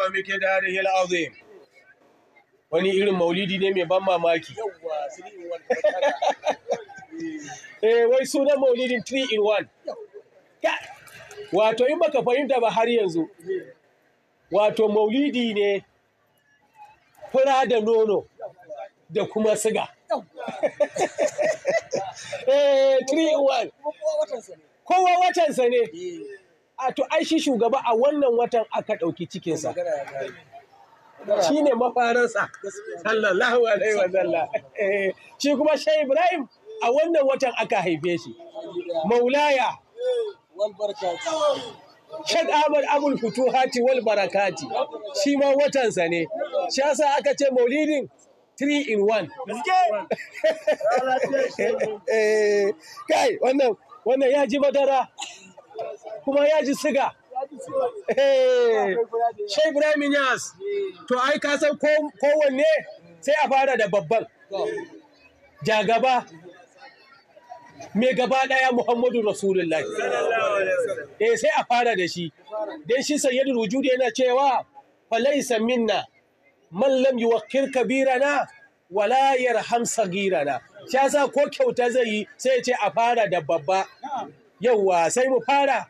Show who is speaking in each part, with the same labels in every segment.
Speaker 1: حق مقداره العظيم wani irin maulidi ne mai ban mamaki eh wai sunan maulidin 3 in 1 wato in baka fahimta ba har yanzu wato maulidi ne fura da nono da kuma siga eh 3 in 1 kowa watansa ne eh. a to ai shi shugaba a wannan watan aka ɗauki cikinsa shi ne mafaransa
Speaker 2: sallallahu alaihi wa sallam
Speaker 1: eh, shi kuma shai ibrahim a wannan watan aka haife shi
Speaker 2: maulaya eh, Shad Ahmad
Speaker 1: Abul Futuhati wal Barakati shi ma watansa ne shi yasa aka ce maulidin three in one eh, kai wannan ya ji madara kuma ya ji siga
Speaker 2: shai ibrahim yas
Speaker 1: to ai ka san kowanne sai a fara da babban gaba, me gaba daya muhammadu rasulullah eh sai a fara da shi don shi sayyidul yana cewa falaisa minna man Wakil Kabira kabirana wala hamsa sagirana shi sa ko kyauta zai yi sai ce a fara da babba yauwa sai mu fara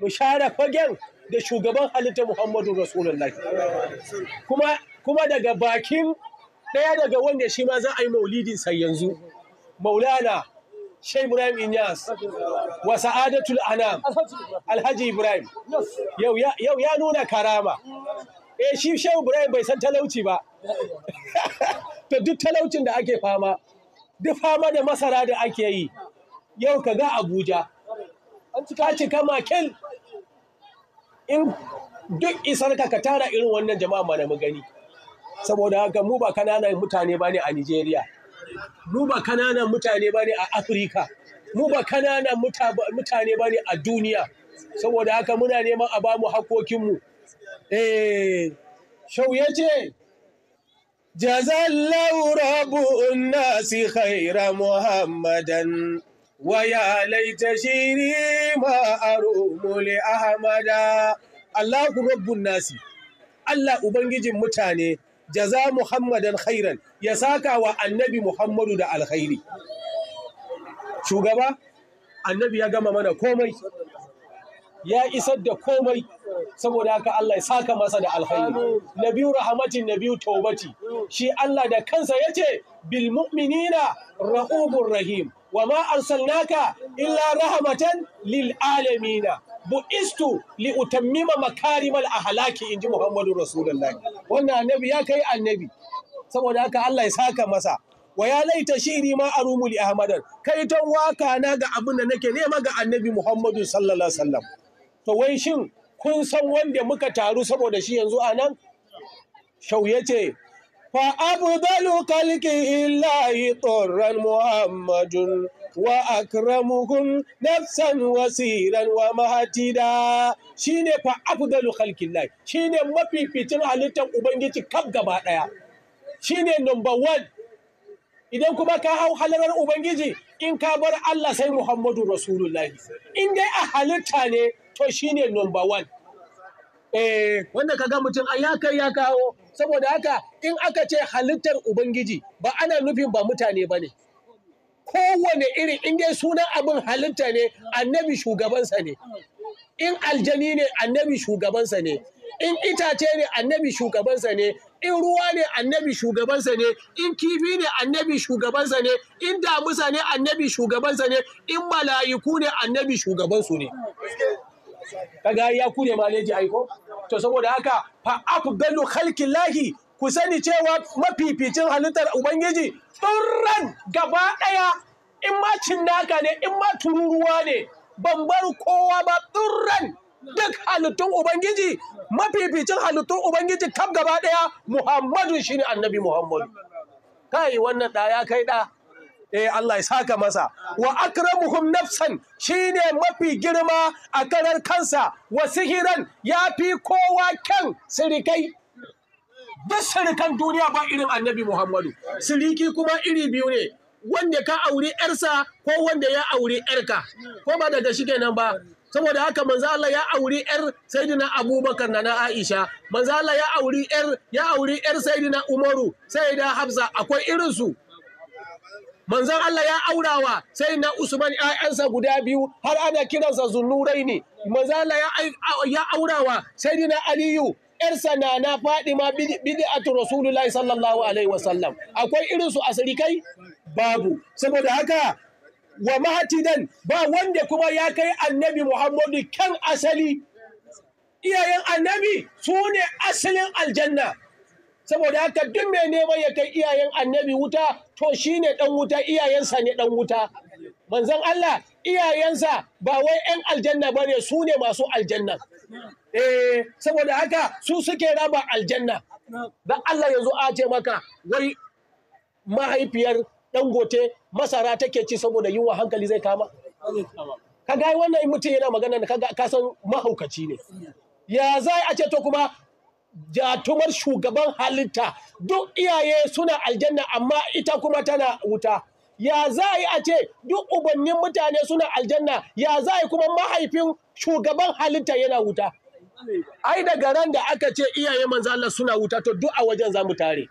Speaker 1: mu share fagen da shugaban halitta muhammadu rasulullah kuma kuma daga bakin ɗaya daga wanda shi ma za a yi maulidin sai yanzu maulana shai ibrahim inyas wa sa'adatul anam
Speaker 2: alhaji ibrahim yau
Speaker 1: ya nuna karama eh shi shai ibrahim bai san talauci ba Da duk talaucin da ake fama duk fama da masara da ake yi yau ka ga abuja ka cika makel in duk isar ka ka tara irin wannan jama'a mana mu gani saboda haka mu ba kananan mutane ba ne a Nigeria mu ba kananan mutane ba ne a Afirka mu ba kananan mutane ba ne a duniya saboda haka muna neman a bamu hakokinmu eh shau ya ce jazallahu rabbun nasi khaira muhammadan ويا ليت شيري ما أروم لأحمد الله رب الناس الله أبنجي متاني jaza Muhammadan khairan ya sakawa wa annabi Muhammadu da alkhairi. Shugaba, annabi ya gama mana komai, ya isar da komai, saboda haka Allah ya saka masa da alkhairi. Nabiyu rahamatin nabiyu taubati, shi Allah da kansa ya ce, bilmuminina raubu rahim, wa ma arsalnaka illa rahmatan lil alamin bu'istu li utammima makarimal ahlaki inji Muhammadu Rasulullah wannan annabi ya kai annabi saboda haka Allah ya saka masa wa ya laita shiri ma arumu li ahmadan kai ton waka na ga abin da nake nema ga annabi Muhammadu sallallahu alaihi wasallam to wai shin kun san wanda muka taru saboda shi yanzu anan shauye ce فأفضل خلق الله طرا محمد وأكرمهم نفسا وسيرا ومهتدا شيني فأفضل خلق الله شيني ما في فتن halittar ubangiji kaf gaba daya shine number one idan kuma ka hau halarar ubangiji in ka bar Allah sai Muhammadu Rasulullahi in dai a halitta ne to shine number one eh wanda ga mutum ai ya ya kawo saboda haka in aka ce halittar ubangiji ba ana nufin ba mutane ba ne kowane iri in dai sunan abin halitta ne annabi shugabansa ne in aljani ne annabi shugabansa ne in itace ne annabi shugabansa ne in ruwa ne annabi shugabansa ne in kifi ne annabi shugabansa ne in damusa ne annabi shugabansa ne in mala'iku ne annabi shugabansu ne kaga ya kune maleji aiko to saboda haka fa afdalu khalqillahi ku sani cewa mafificin halittar ubangiji tsirran gaba ɗaya in ma cinnaka ne in ma tururuwa ne ban bar kowa ba tsirran duk halittun ubangiji mafificin halittun ubangiji kaf gaba ɗaya muhammadu shine annabi muhammadu kai wannan ɗaya kai ɗa eh Allah ya saka masa wa akramuhum nafsan shine mafi girma a karar kansa wa sihiran ya fi kowa kyan sirikai duk sirikan duniya ba irin annabi Muhammadu siriki kuma iri biyu ne wanda ka aure yarsa ko wanda ya aure yarka ko ba daga shi kenan ba saboda haka manzo Allah ya auri yar sayyidina Abubakar na Aisha manzo Allah ya auri yar ya auri yar sayyidina Umaru sayyida Hafsa akwai irin su manzon Allah ya aurawa sai na Usman ƴaƴansa guda biyu har ana kiransa zunurai ne manzon Allah ya aurawa sai na Aliyu ‘yarsa na na Fadima bid'atu Rasulullahi sallallahu alaihi wasallam akwai irin su asirikai babu saboda haka wa mahatidan ba wanda kuma ya kai annabi Muhammadu kan asali iyayen annabi su ne asalin aljanna saboda haka duk mai neman ya kai iyayen annabi wuta to shi ne ɗan wuta iyayensa ne ɗan wuta manzon Allah iyayensa ba wai 'yan aljanna ba ne su ne masu aljanna eh saboda haka su suke raba aljanna Da Allah yanzu a ce maka wai mahaifiyar dangote masara take ci saboda yunwa hankali zai kama ka ga wannan mutum yana magana ka san mahaukaci ne ya za a ce to kuma jatumar shugaban halitta duk iyaye suna aljanna amma ita kuma tana wuta ya za a yi a ce duk ubannin mutane suna aljanna ya za yi kuma mahaifin shugaban halitta yana wuta ai daga ran da aka ce iyaye manzo suna wuta to duk a wajen za mu tare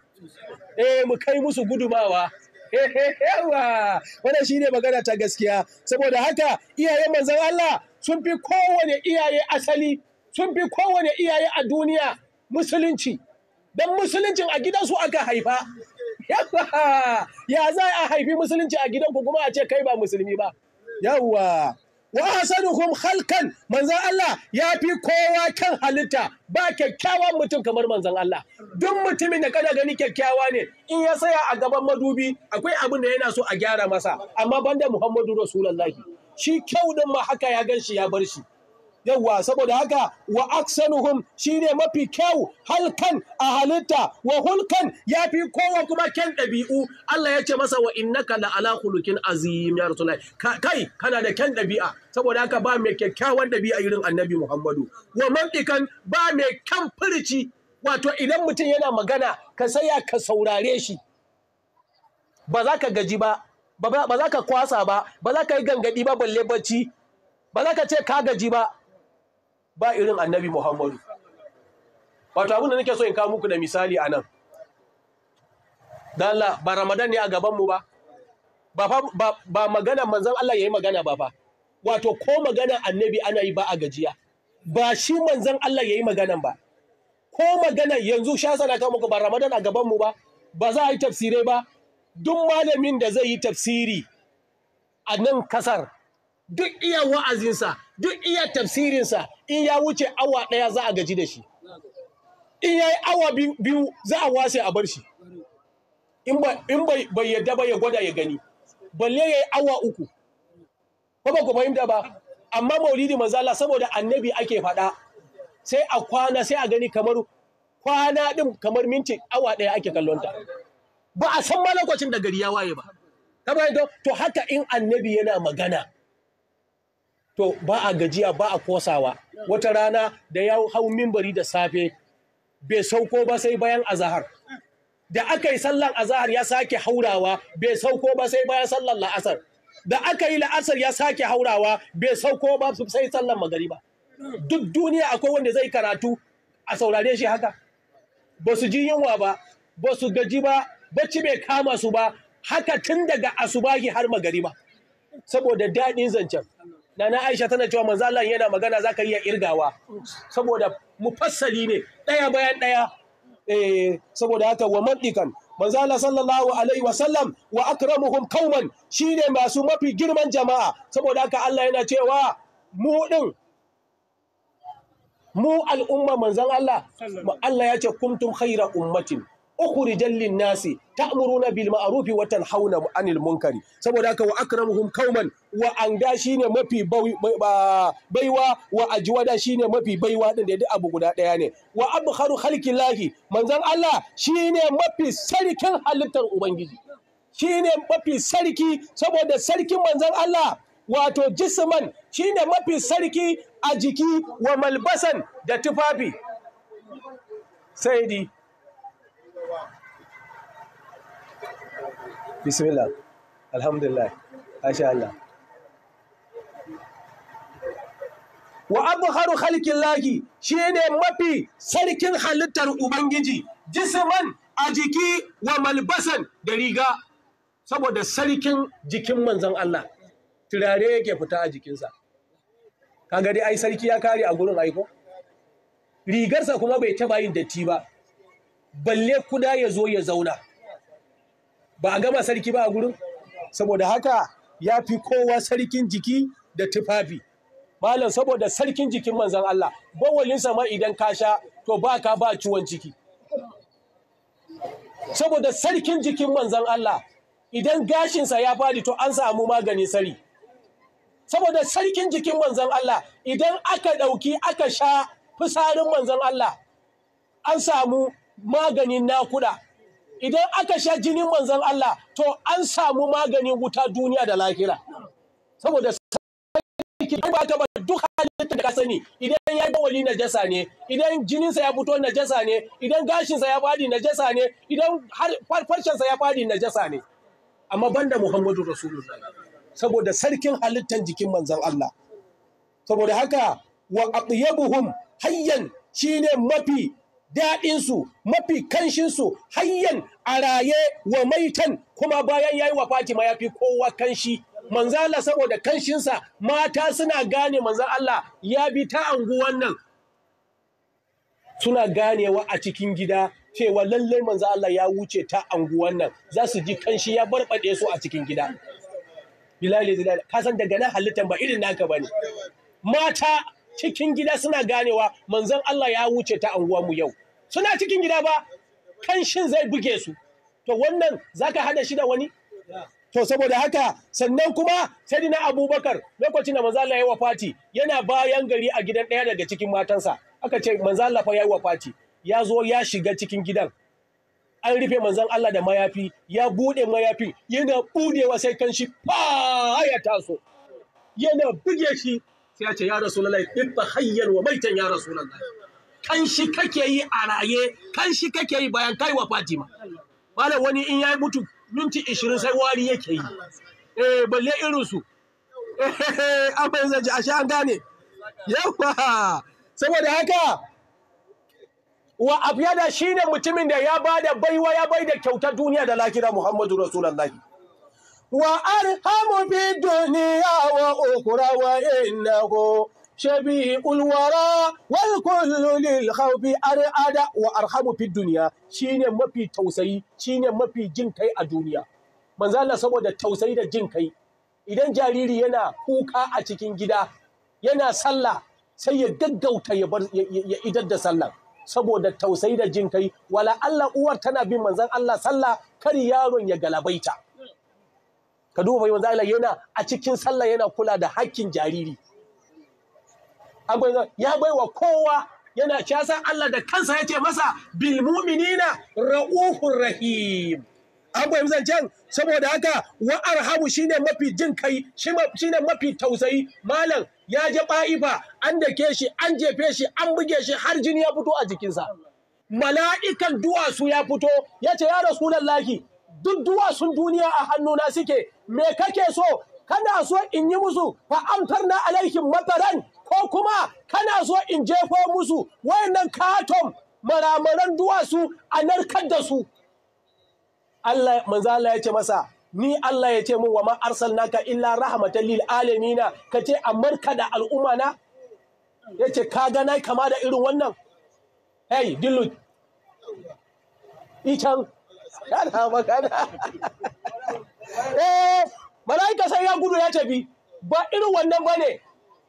Speaker 1: eh mu kai musu gudumawa yawa shi shine magana ta gaskiya saboda haka iyaye manzan Allah sun fi kowane iyaye asali sun fi kowane iyaye a duniya musulunci don musuluncin a gidansu aka haifa ya za a haifi musulunci a gidanku kuma a ce kai ba musulmi ba yawwa wa hasanuhum halkan manzan Allah ya fi kowa kan halitta ba kyakkyawan mutum kamar manzan Allah duk mutumin da kada gani kyakkyawa ne in ya saya a gaban madubi akwai abin da yana so a gyara masa amma banda Muhammadu Rasulullahi shi kyau din ma haka ya gan shi ya bar shi yawwa saboda haka wa aksanuhum shine mafi kyau halkan a halitta wa hulkan ya fi kowa kuma kyan ɗabi'u Allah ya ce masa wa innaka la ala hulukin azim ya kai kana da kyan ɗabi'a saboda haka ba mai kyakkyawan ɗabi'a irin annabi Muhammadu wa mantikan ba mai kyan furici wato idan mutum yana magana ka saya ka saurare shi ba za ka gaji ba ba za ka kwasa ba ba za ka yi gangadi ba balle bacci ba za ka ce ka gaji ba ba irin annabi Muhammadu. Wato abin da nake so in kawo muku da misali a nan. Dan ba Ramadan ne a gabanmu ba. Ba, magana manzan Allah ya yi magana ba ba, Wato ko magana annabi ana yi ba a gajiya. Ba shi manzan Allah ya yi maganan ba. Ko magana yanzu sha sana kawo muku ba Ramadan a gabanmu ba. Ba za a yi tafsirai ba. Duk malamin da zai yi tafsiri a nan kasar duk iya wa'azinsa duk iya tafsirinsa in ya wuce awa ɗaya za a gaji da shi in ya yi awa biyu za a wase a bar shi in bai yadda ba ya gwada ya gani balle ya yi awa uku ba ba ku fahimta ba amma maulidi mazala saboda annabi ake faɗa sai a kwana sai a gani kamar kwana ɗin kamar minti awa ɗaya ake kallonta ba a san ma lokacin da gari ya waye ba to haka in annabi yana magana to ba a gajiya ba a kosawa wata rana da ya hau mimbari da safe bai sauko ba sai bayan azahar da aka yi sallan azahar ya sake haurawa bai sauko ba sai bayan sallan la'asar da aka yi la'asar ya sake haurawa bai sauko ba sai sallan ba. duk duniya akwai wanda zai karatu a saurare shi haka ba su ji yunwa ba ba su gaji ba bacci bai kama su ba haka tun daga asubahi har magari ba. saboda daɗin zancen na Aisha tana cewa manzo Allah yana magana zaka iya irgawa saboda mufassali ne daya bayan daya eh saboda haka wa mantikan manzo Allah sallallahu alaihi wasallam wa akramuhum qauman shine masu mafi girman jama'a saboda haka Allah yana cewa mu din mu al'umma manzon Allah Allah ya ce kuntum khaira ummatin ukhrijal lin nasi amuru na bilma'arufi watan hauna 'anil munkari saboda haka wa akramuhum qauman wa anga shine mafi baiwa wa ajwada shine mafi baiwa din da duk abu guda daya ne wa abkharu khalqillahi manzon Allah shine mafi sarkin halittar ubangiji shine mafi sarki saboda sarkin manzon Allah wato jisman shine mafi sarki a jiki wa malbasan da tufafi sai bismillah alhamdulillah asha Allah wa abharu shine mafi sarkin halittar ubangiji jisiman a jiki wa malbasan da riga saboda sarkin jikin manzon Allah turare yake fita a jikinsa kaga dai ai sarki ya kare a gurin aiko rigarsa kuma bai taba yin datti ba balle kuda ya zo ya zauna ba a gama sarki ba a gurin saboda haka ya fi kowa sarkin jiki da tufafi malam saboda sarkin jikin manzan Allah bawalinsa sama idan ka sha to ba ka ba ciwon ciki saboda sarkin jikin manzan Allah idan gashinsa ya fadi to an samu magani sari saboda sarkin jikin manzan Allah idan aka ɗauki aka sha fisarin manzan Allah an samu maganin nakuda idan aka sha jinin manzan Allah to an samu maganin wuta duniya da lahira saboda sarki ba ta ba duk halitta da ka sani idan ya yi najasa ne idan jininsa ya fito najasa ne idan gashinsa ya fadi najasa ne idan farfarcensa ya fadi najasa ne amma banda Muhammadu Rasulullah saboda sarkin halittan jikin manzan Allah saboda haka wa atyabuhum hayyan shine mafi daɗinsu mafi kanshinsu hanyar a raye wa maitan kuma bayan ya yi wa Fatima ya fi kowa kanshi manzo saboda kanshinsa mata suna gane manzo Allah ya bi ta anguwan nan suna ganewa a cikin gida cewa lallai manza Allah ya wuce ta anguwan nan za su ji kanshi ya barbade su a cikin gida bilal zilali ka san daga nan halittar ba irin naka bane mata cikin gida suna ganewa manzon Allah ya wuce ta anguwa mu yau suna cikin gida ba kanshin zai buge su to wannan zaka hada shi da wani to saboda haka sannan kuma na Abubakar lokacin da manzo Allah ya wafati yana bayan gari a gidan ɗaya daga cikin matansa aka ce manzo Allah fa wa wafati ya zo ya shiga cikin gidan an rufe manzon Allah da mayafi ya buɗe mayafi yana budewa sai kanshi fa ya taso yana buge shi sai ya ce ya rasulullahi ibba hayyan wa maitan ya rasulullahi kan shi kake yi a raye kan shi kake yi bayan kai wa Fatima malam wani in ya mutu minti 20 sai wari yake yi eh balle irin su eh abin zaji a an gane yawa saboda haka wa afyada shine mutumin da ya bada baiwa ya bai da kyautar duniya da lakira Muhammadu Rasulullahi wa arhamu bi dunya wa ukhra wa innahu shabi ulwara wa kullu lil khawf arada wa arhamu duniya dunya shine mafi tausayi shine mafi jin kai a duniya manzo Allah saboda tausayi da jin kai idan jariri yana kuka a cikin gida yana sallah sai ya gaggauta ya bar ya idar da sallah saboda tausayi da jin kai wala Allah uwar tana bin manzo Allah sallah kar yaron ya ta. ka duba manzo Allah yana a cikin sallah yana kula da hakkin jariri ya baiwa kowa yana san Allah da kansa ya ce masa bil mu'minina ra'ufur rahim an fahimci saboda haka wa arhamu shine mafi jin kai shine mafi tausayi malam ya je ba'ifa an dake shi an jefe shi an buge shi har jini ya fito a jikinsa mala'ikan duwatsu ya fito ya ce ya rasulallahi duk duwasun duniya a hannuna suke me kake so kana so in yi musu fa'amtar na alaikin mataran ko kuma kana so in jefo musu wayannan katon maramaran duwatsu a narkar da su Allah Allah ya ce masa ni Allah ya ce min wa ma naka? illa rahmatan lil alamina kace amar da al'umma na yace ka ga nai kama da irin wannan hey dillu ican ana magana eh malaika sai ya gudu ya tafi ba irin wannan bane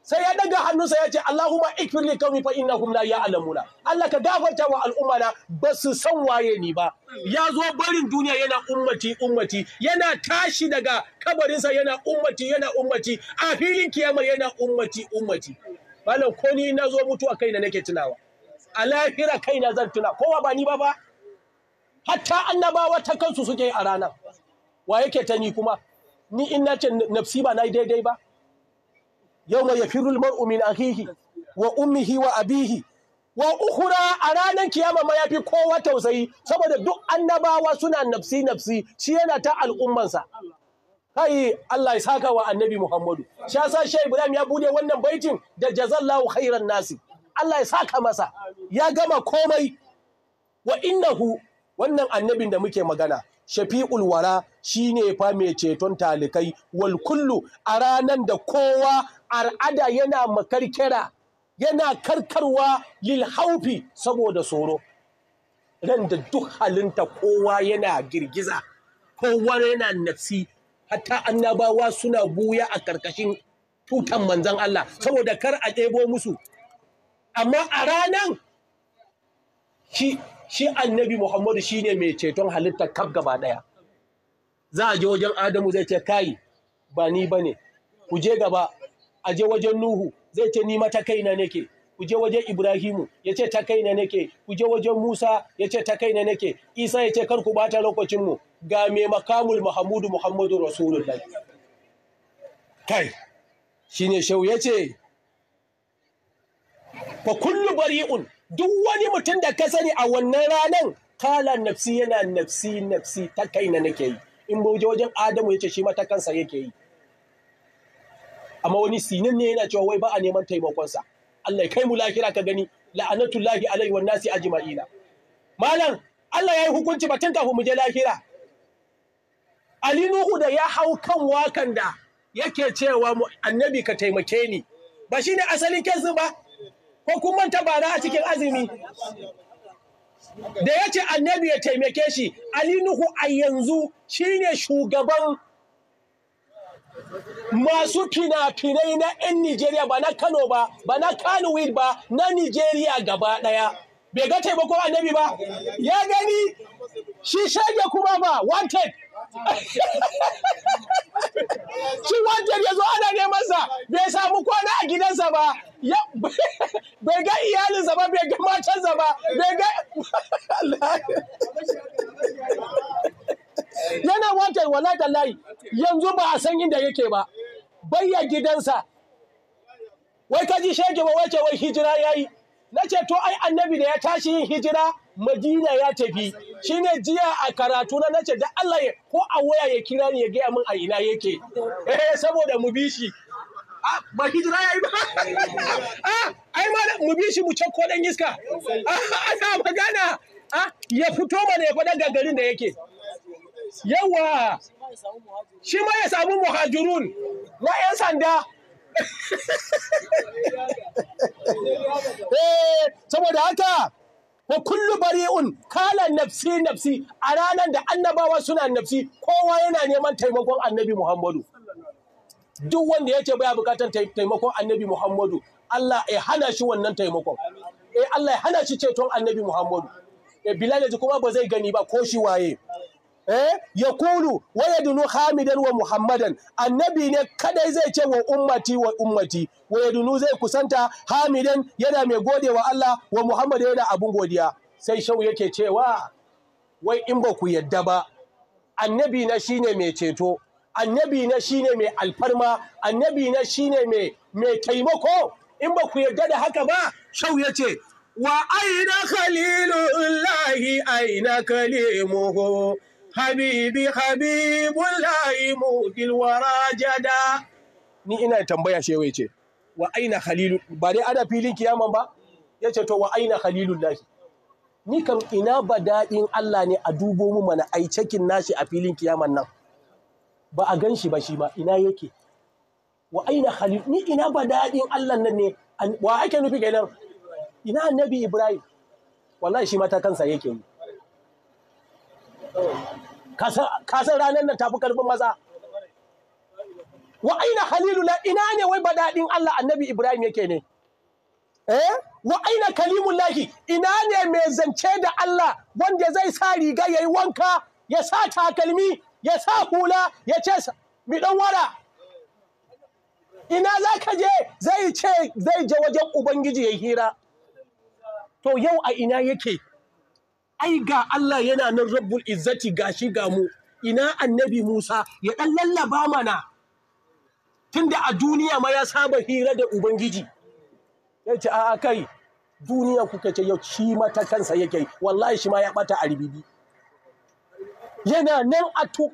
Speaker 1: sai ya daga hannunsa ya ce Allahumma ikfir li qaumi fa innahum la ya'lamuna Allah ka gafarta wa al'umma na ba su san waye ni ba ya zo barin duniya yana ummati ummati yana tashi daga kabarinsa yana ummati yana ummati a filin kiyama yana ummati ummati malam ko ni na zo mutuwa kaina nake tunawa a lahira kaina zan tuna kowa ba ni ba ba hatta annabawa ta kansu suke a ranar wa yake ta ni kuma ni in na ce nafsi ba na yi daidai ba yau mai yafi rulmar umin akihi wa ummihi wa abihi wa uhura a ranar kiyama ma yafi kowa tausayi saboda duk annabawa suna nafsi nafsi shi yana ta al'ummansa kai Allah ya saka wa annabi Muhammadu shi yasa shi Ibrahim ya bude wannan baitin da jazallahu khairan nasi Allah ya saka masa ya gama komai wa innahu wannan annabin da muke magana shafi'ul wara ne fa mai ceton talikai wal a ranan da kowa al'ada yana makarkira yana karkarwa lil haufi saboda tsoro ran da duk halinta kowa yana girgiza kowa yana nafsi hatta annabawa suna buya a karkashin tutan manzan Allah saboda kar a ɗebo musu amma a ranan shi shi annabi Muhammadu shine mai ceton halittar kaf gaba daya za a je wajen Adamu zai ce kai ba ni ba ne. ku je gaba a je wajen Nuhu zai ce ni mata kaina nake ku je wajen Ibrahimu ya ce ta kaina nake ku je wajen Musa ya ce ta kaina nake Isa ya ce kar ku bata lokacin mu ga mai makamul Muhammadu Muhammadu Rasulullahi kai ne shau ya ce fa kullu bari'un duk wani mutum da ka sani a wannan ranar, kala nafsi yana nafsi nafsi ta kaina nake yi in buje wajen adamu ya ce shi mata kansa yake yi amma wani sinin ne yana cewa wai ba a neman taimakonsa Allah ya kai mu lahira ka gani la'anatullahi alaihi wa nasi ajma'ina malam Allah ya yi hukunci batun kafin mu je lahira Ali Nuhu da ya hau kan wakan da yake cewa annabi ka taimake ni ba shine asalin kansu ba ko kun manta bara a cikin azumi da ya ce annabi ya taimake shi ali nuhu a yanzu shine shugaban masu fina-finai na 'yan nigeria ba na kano ba ba na Kano ba na nigeria gaba daya bai ga taimako annabi ba ya gani shi shage kuma ba wanted Shin wancan ya zo ana neman sa bai samu kwana a gidansa ba bai ga iyalinsa ba bai ga matansa ba bai ga yana wancan wallahi tallahi yanzu ba a san inda yake ba bayya gidansa wai ji shege ba wace wai hijira yayi na ce to ai annabi da ya tashi yin hijira madina ya tafi shi ne jiya a karatu na nace da Allah ya ko a waya ya kira ni ya gaya min a ina yake eh saboda mu bi shi ah, ba hijira ya yi ba ah, ai ma mu bi shi mu ko dan iska sa ah, magana ya fito mana ya faɗa gangarin da yake yawa shi ma ya samu muhajirun na 'yan sanda Eh, saboda haka wa kullu bari'un kala nafsi nafsi a ranar da annabawa suna nafsi kowa yana neman taimakon annabi Muhammadu duk wanda ya ce baya bukatar taimakon annabi Muhammadu Allah ya hana shi wannan taimakon eh, Allah ya hana shi ceton annabi Muhammadu eh Bilal kuma ba zai gani ba ko shi waye Eh? ya kulu waya dunu hamidan wa muhammadan annabi ne kadai zai ce wa ummati wa ummati waya dunu zai kusanta hamidan yana mai gode wa Allah wa muhammad yana abun godiya sai shau yake cewa wai in ba ku yadda ba annabi na shine mai ceto annabi na shine mai alfarma annabi na shine mai mai taimako in ba ku yadda da haka ba shau ya ce wa aina khalilullahi aina kalimuhu habibi habibullahi mutil wara jada ni ina tambaya shewa yace wa aina khalilu ba dai ada filin kiyaman ba yace to wa aina khalilullahi ni kam ina ba daɗin Allah ne a dubo mu mana ai cekin nashi a filin kiyaman nan ba a gan shi ba shi ba, ina yake wa aina khalil ni ina ba daɗin Allah nan ne wa ake nufi kenan ina annabi Ibrahim wallahi shi ma ta kansa yake yi kasan ranar nan tafi karfin maza wa aina la ina ne wai badadin Allah annabi Ibrahim yake ne eh wa aina kalimullahi ina ne mai zance da Allah wanda zai sa riga yayi wanka ya sa takalmi ya sa hula ya ce mi wara ina za ka je zai ce zai je wajen ubangiji ya hira to yau a ina yake ai ga Allah yana nan rabbul izzati shi ga mu ina annabi Musa ya dan lallaba mana tunda a duniya ma ya saba hira da ubangiji yace a kai duniya kuka ce yau shi mata kansa yake wallahi shi ma ya bata a ribibi yana nan a to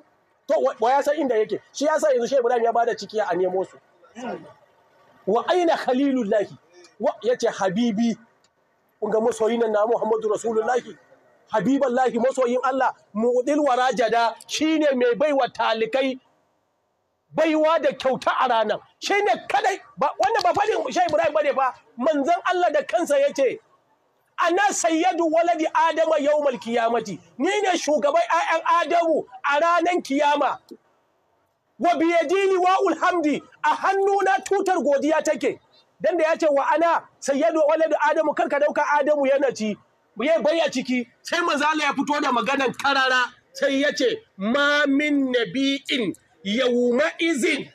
Speaker 1: wa ya san inda yake shi ya sa yanzu shi Ibrahim ya bada ciki a nemo su wa aina khalilullahi wa yace habibi kun ga masoyin nan na Muhammadu Rasulullahi habiballahi masoyin Allah mu'dil shi ne mai baiwa talikai baiwa da kyauta a ranar shine kadai wannan ba fadin Shehu Ibrahim bane fa manzon Allah da kansa yace ana sayyadu waladi adama yawmal kiyamati ni ne shugaban 'ya'yan adamu a ranar kiyama wa biyadini wa alhamdi a hannuna tutar godiya take dan da ya ce wa ana sayyadu waladi adamu karka dauka adamu yana ci ya baya ciki sai maza ya fito da maganan karara sai ya ce ma min nabi'in yawma izin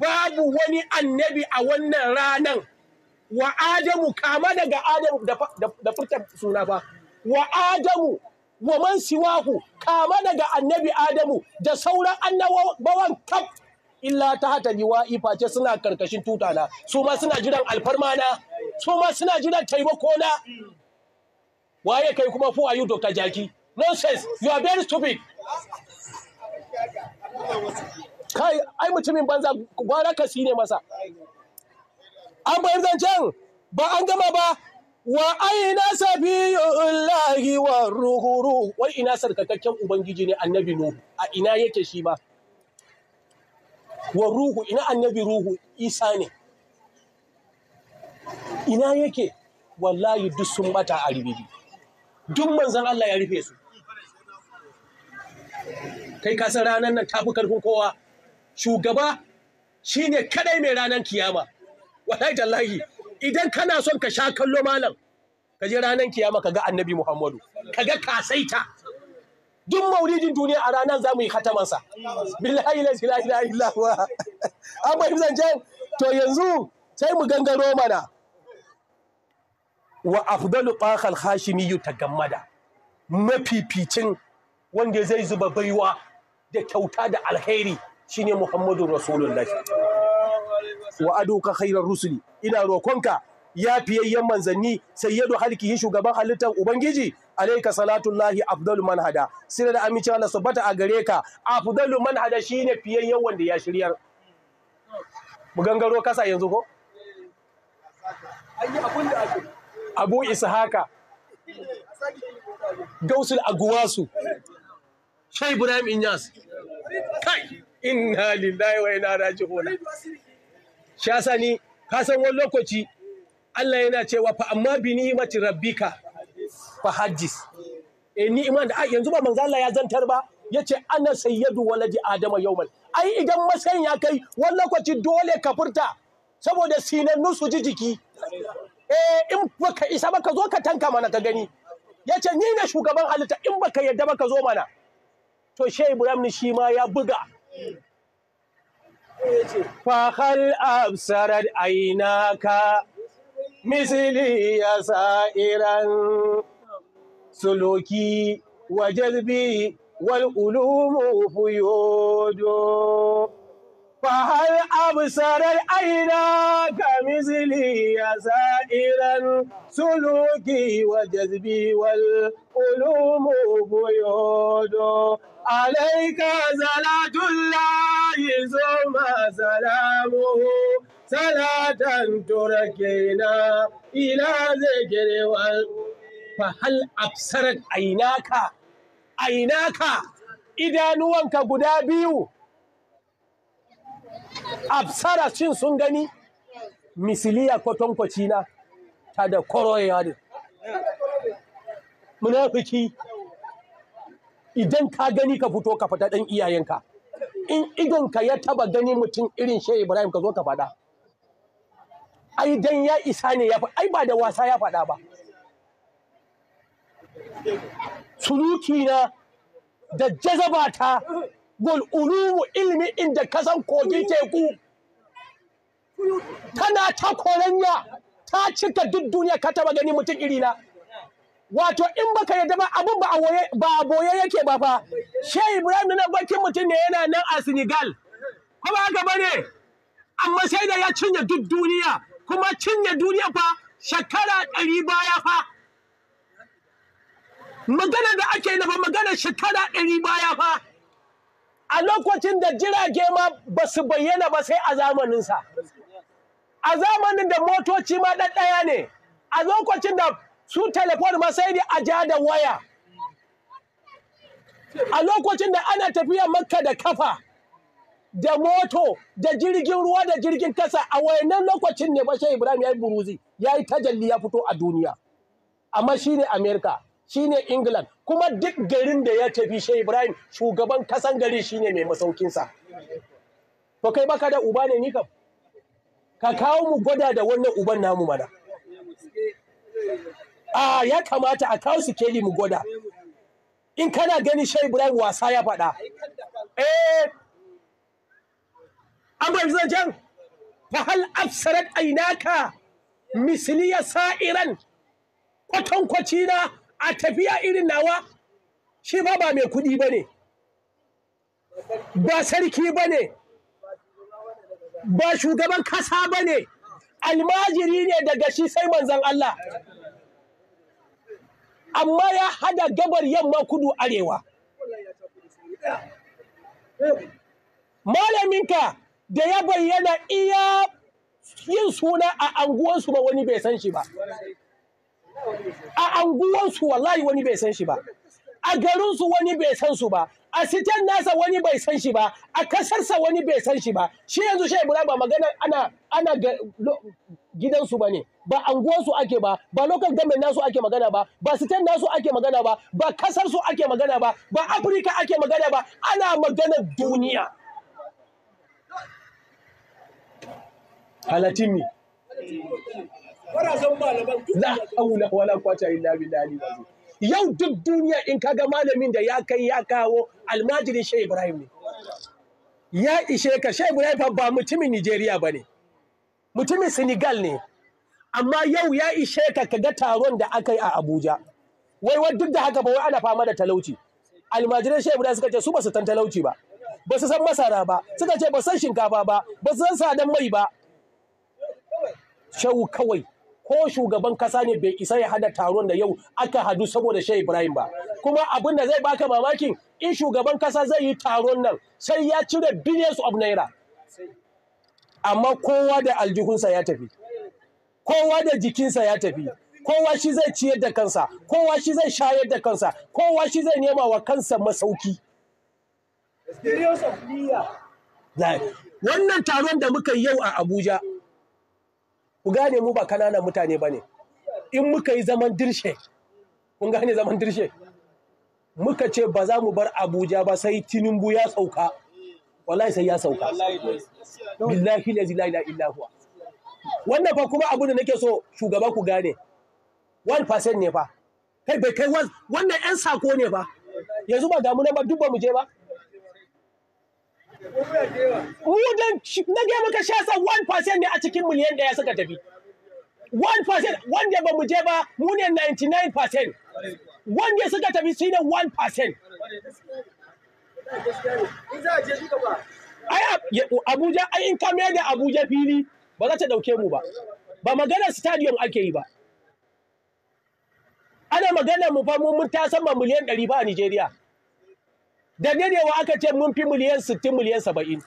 Speaker 1: babu wani annabi a wannan ranan wa adamu kama daga adamu da furta suna ba wa adamu wa man siwahu kama daga annabi adamu da sauran annabawan kaf illa ta hata liwa iface suna karkashin tutana su ma suna jiran alfarmana su ma suna jiran taimakona waye kai kuma who are you Dr. Jaki nonsense you are very stupid kai ai mutumin banza gwara ka ne masa an bayar can? ba an gama ba wa aina sabiyullahi wa ruhuru wai ina sarkakakken ubangiji ne annabi nuhu a ina yake shi ba? wa ruhu ina annabi ruhu isa ne ina yake wallahi duk sun bata a ribibi duk manzan Allah ya rufe su kai kasan ranar nan tafi karfin kowa shugaba shine kadai mai ranar kiyama wallahi tallahi idan kana son ka sha kallo malam ka je ranar kiyama ka ga annabi Muhammadu ka ga kasaita duk mauridin duniya a ranar za mu yi hatamansa. billahi la ilaha illa Amma amma zan to yanzu sai mu gangaro mana wa afdalu qahal hashimi gammada. mafificin wanda zai zuba baiwa da kyauta da alheri shine muhammadu rasulullah wa ka khairar rusuli ina rokonka ya fiyayyen manzanni sayyadu halkihi shugaban halittar ubangiji alaika salatullahi afdalu manhada sirra da amince Allah subata a gare ka afdalu manhada shine fiyayyen wanda ya shiryar mu gangaro kasa yanzu ko ayi abin ake abu ishaka gausul aguwasu shai ibrahim inyas kai inna lillahi wa inna raji'un sha sani ka san wani lokaci Allah yana cewa fa amma bi ni'mati rabbika fa hajjis eh ni'man da yanzu ba manzo Allah ya zantar ba ce ana sayyidu waladi adama yawmal ai idan masan ya kai wani lokaci dole ka furta saboda sinan nusu ji jiki eh in baka isa ba ka zo ka tanka mana ka gani ya ce ni ne shugaban halitta in baka yadda baka zo mana to shey ibrahim shi ma ya buga fahal absarar ainaka misili ya sa'iran suluki wa wal ulumu fuyudu فهل أبصرت عيناك مثلي سائرا سلوكي وجذبي والقلوم بيود عليك صلاة الله ثم سلامه صلاة تركينا إلى ذكر فهل أبصرت عيناك عيناك إذا نوانك قدابيو absara cin sun gani misiliya kwatankwaci na ta da koroyewa ne munafiki idan ka gani ka fito ka fata ɗan iyayenka in idonka ya taba gani mutum irin shehu ibrahim ka zo ka faɗa ai dan ya isa ne ya ai ba da wasa ya faɗa ba Suluki na da jazabata wal ulumu ilmi inda kasan kogin teku tana ta koranya ta cika duk duniya ka taba gani mutum irina wato in baka yadda ba abin ba a boye yake ba fa shey ibrahim na bakin mutum ne yana nan a senegal ko ba haka bane amma sai da ya cinye duk duniya kuma cinye duniya fa shekara ɗari baya fa magana da ake nafa magana shekara ɗari baya fa a lokacin da jirage ma ba su bayyana ba sai a zamaninsa a zamanin da motoci ma ɗaɗɗaya ne a lokacin da su telefon ma sai a ja da waya a lokacin da ana tafiya makka da kafa da moto da jirgin ruwa da jirgin kasa a wayannan lokacin ne ba ibrahim ya yi buruzi ya yi tajalli ya fito a duniya amma shi ne amerika shine England kuma duk garin da ya tafi Shehu Ibrahim shugaban kasan gari shine mai masaukinsa. To kai baka da uba ne ni kam? Ka kawo mu gwada da wannan uban namu mana. A ya kamata a kawo su keli mu gwada. In kana gani Shehu Ibrahim wasa ya faɗa. Eh an Amr Zajan fahal absarat ainaka misliya sa'iran kwatankwaci na a tafiya irin nawa shi ba ba mai kuɗi ba ne ba sarki ba ne ba shugaban kasa ba ne almajiri ne daga shi sai manzan Allah amma ya hada gabar yamma kudu arewa malaminka da ya bayyana iya yin suna a anguwansu ba wani bai san shi ba a anguwansu wallahi wani bai san shi ba a garinsu wani bai san su ba a sitan nasa wani bai san shi ba a kasarsa wani bai san shi ba shi yanzu shi ibrahim ba magana ana ana gidansu ba ne ba anguwansu ake ba ba local government nasu ake magana ba ba sitan nasu ake magana ba ba kasarsu ake magana ba ba afirka ake magana ba ana magana duniya halatimi yau duk duniya in ka ga malamin da ya kai ya kawo almajiri Shehu Ibrahim ne ya ishe ka Ibrahim ba mutumin Nigeria bane mutumin Senegal ne amma yau ya ishe ka ga taron da aka yi a Abuja wai wai duk da haka ba wai ana fama da talauci almajiran Shehu Ibrahim suka ce su ba tan talauci ba ba san masara ba suka ce ba san shinkafa ba ba san sadan mai ba shau kawai ko shugaban kasa ne bai isa ya hada taron da yau aka hadu saboda Shehu Ibrahim ba kuma abin da zai baka mamakin in shugaban kasa zai yi taron nan sai ya cire billions of naira amma kowa da aljihunsa ya tafi kowa da jikinsa ya tafi kowa shi zai ciyar da kansa kowa shi zai shayar da kansa kowa shi zai nema wa kansa masauki wannan taron da muka yau a Abuja ku gane mu ba kananan mutane ba ne in muka yi zaman dirshe kun gane zaman dirshe muka ce ba za mu bar abuja ba sai tinubu ya sauka wallahi sai ya sauka billahi la ilaha illa huwa wannan fa kuma abin da nake so shugaba ku gane 1% ne fa kai bai kai wannan yan sako ne fa yanzu ba damu ne ba duk ba mu je ba Na gaya maka sha sa 1% ne a cikin miliyan ɗaya suka tafi. 1% wanda ba mu je ba mu ne 99%. Wanda suka tafi su ne 1%. Ai Abuja ai in ka da Abuja fili ba za ta ɗauke mu ba. Ba maganar stadium ake yi ba. Ana maganar mu fa mun ta sama miliyan ɗari ba a Nijeriya. da dadewa aka ce mun fi miliyan 60 miliyan 70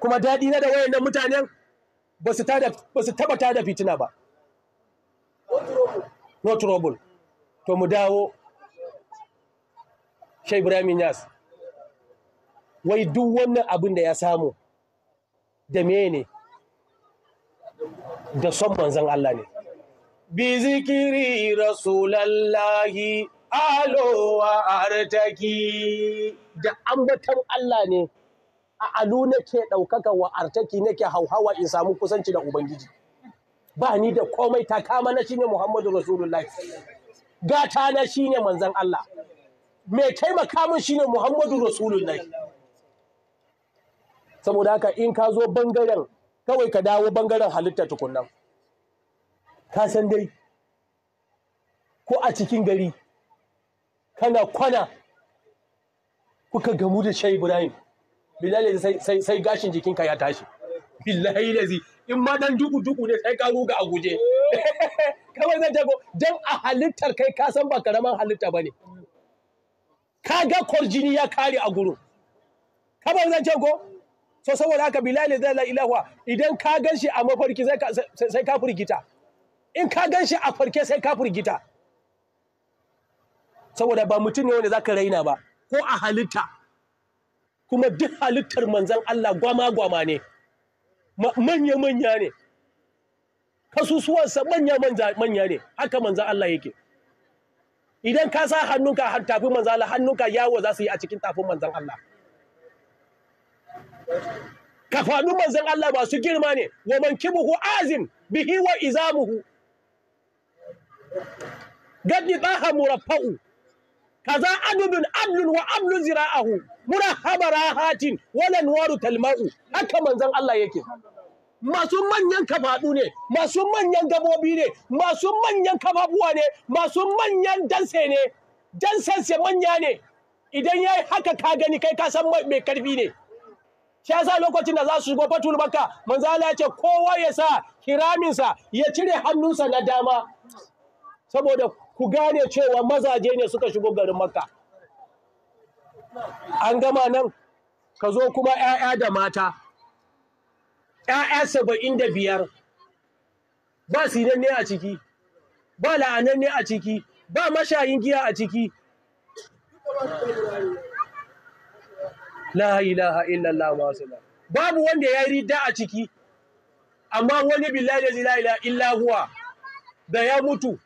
Speaker 1: kuma daɗi na da wayannan mutanen ba su taba tada fitina ba no trouble to mu dawo shai ibrahim yas wai duk wannan abin da ya samu da mene da son manzan Allah ne bi zikiri rasulallahi alowa artaki da ambatan Allah ne a alu nake ɗaukaka wa artaki nake hauhawa in samu kusanci da ubangiji ba ni da komai takama na shine Muhammadu Rasulullahi gata na shine manzan Allah mai taimaka min shine Muhammadu Rasulullahi saboda haka in ka zo bangaren kawai ka dawo bangaren halitta tukunan. ka san dai ko a cikin gari kana kwana kuka gamu da shai ibrahim billahi sai sai gashin jikinka ya tashi billahi lazi in ma dan dubu dubu ne sai ka ruga a guje kawai zan tago dan a halittar kai ka san ba karaman halitta bane ka ga kwarjini ya kare a gurin kawai zan tago so saboda haka billahi zai la ilaha idan ka ganshi a mafarki sai ka firgita in ka ganshi a farke sai ka firgita saboda ba mutum ne wanda za ka raina ba ko a halitta kuma duk halittar manzan Allah gwama gwama ne manya manya ne kasusuwansa manya manya ne haka manzan Allah yake idan ka sa hannunka har tafin manzan Allah hannunka yawo za su yi a cikin tafin manzan Allah kafanun manzan Allah ba su girma ne wa man kibuhu azim bihi wa izamuhu gadi daha murafa'u kaza adudun adlun wa adlun zira'ahu murahaba rahatin walan waru talma'u haka manzon Allah yake masu manyan kafaɗu ne masu manyan gabobi ne masu manyan kafafuwa ne masu manyan danse ne dansansa manya ne idan yayi haka ka gani kai ka san mai karfi ne shi yasa lokacin da za su shigo fatul makka manzo Allah ya ce kowa ya sa kiraminsa ya cire hannunsa na dama saboda ku gane cewa mazaje ne suka shigo garin makka an gama nan ka zo kuma 'ya'ya da mata 'ya'ya saba'in da biyar ba ne a ciki ba ne a ciki ba mashayin giya a ciki la ilaha illallah sallam babu wanda ya rida a ciki amma wani billahi da zila illa huwa da ya mutu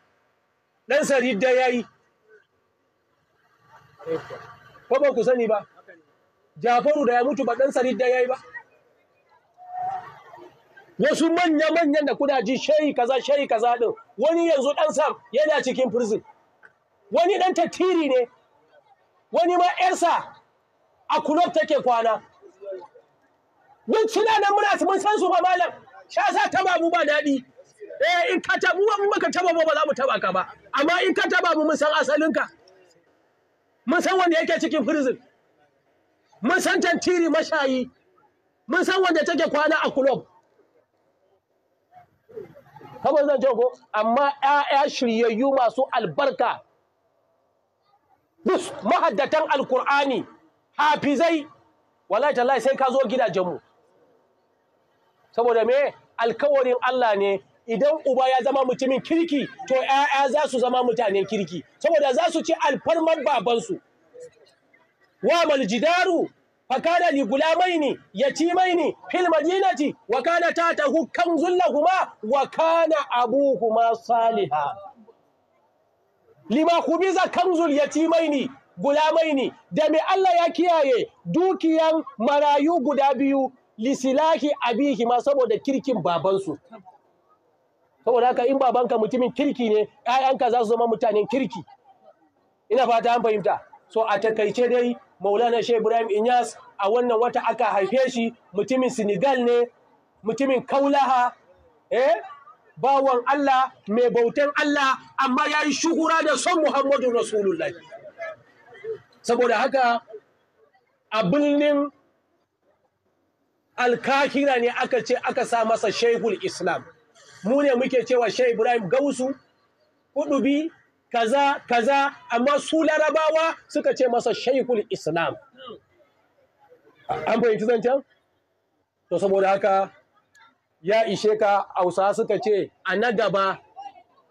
Speaker 1: Ɗan ridda ya yi ko ba ku sani ba jafaru da ya mutu ba ɗan ridda ya yi ba wasu manya-manyan da kuna ji shayi kaza shayi kaza ɗin wani yanzu ɗansa yana cikin prison wani ɗan tattiri ne wani ma ‘yarsa a kulob take kwana Mun nan muna mun san su ba malam sha sa taba mu ba daɗi eh in ka tabu mu muka taba ba za mu taba ka ba amma in ka taba mu san asalinka mun san wanda yake cikin prison mun san tantiri mashayi mun san wanda take kwana a club kaba zan ce ko amma ƴaƴa shiryayyu masu albarka duk mahaddatan alkur'ani hafizai wallahi tallahi sai ka zo gidajenmu saboda me alkawarin Allah ne idan uba ya zama mutumin kirki to 'ya'ya za su zama mutanen kirki saboda za su ci alfarman babansu wa maljidaru fakana li gulamaini yatimaini fil madinati wa kana tatahu zulla kuma? wa kana kuma saliha lima kubiza kanzul yatimaini gulamaini da mai Allah ya kiyaye dukiyan marayu guda biyu lisilahi abihima saboda kirkin babansu saboda haka in babanka mutumin kirki ne ƴaƴanka za su zama mutanen kirki ina fata an fahimta so a takaice dai maulana shehu ibrahim inyas a wannan wata aka haife shi mutumin senegal ne mutumin kaulaha eh bawan allah mai bautan allah amma ya yi shuhura da son muhammadu rasulullahi saboda haka a birnin alkahira ne aka ce aka sa masa shehul islam mu ne muke cewa shai ibrahim gausu kudubi kaza kaza amma su larabawa suka ce masa shaikul islam an fahimci zancen to saboda haka ya ishe ka hausa suka ce a na gaba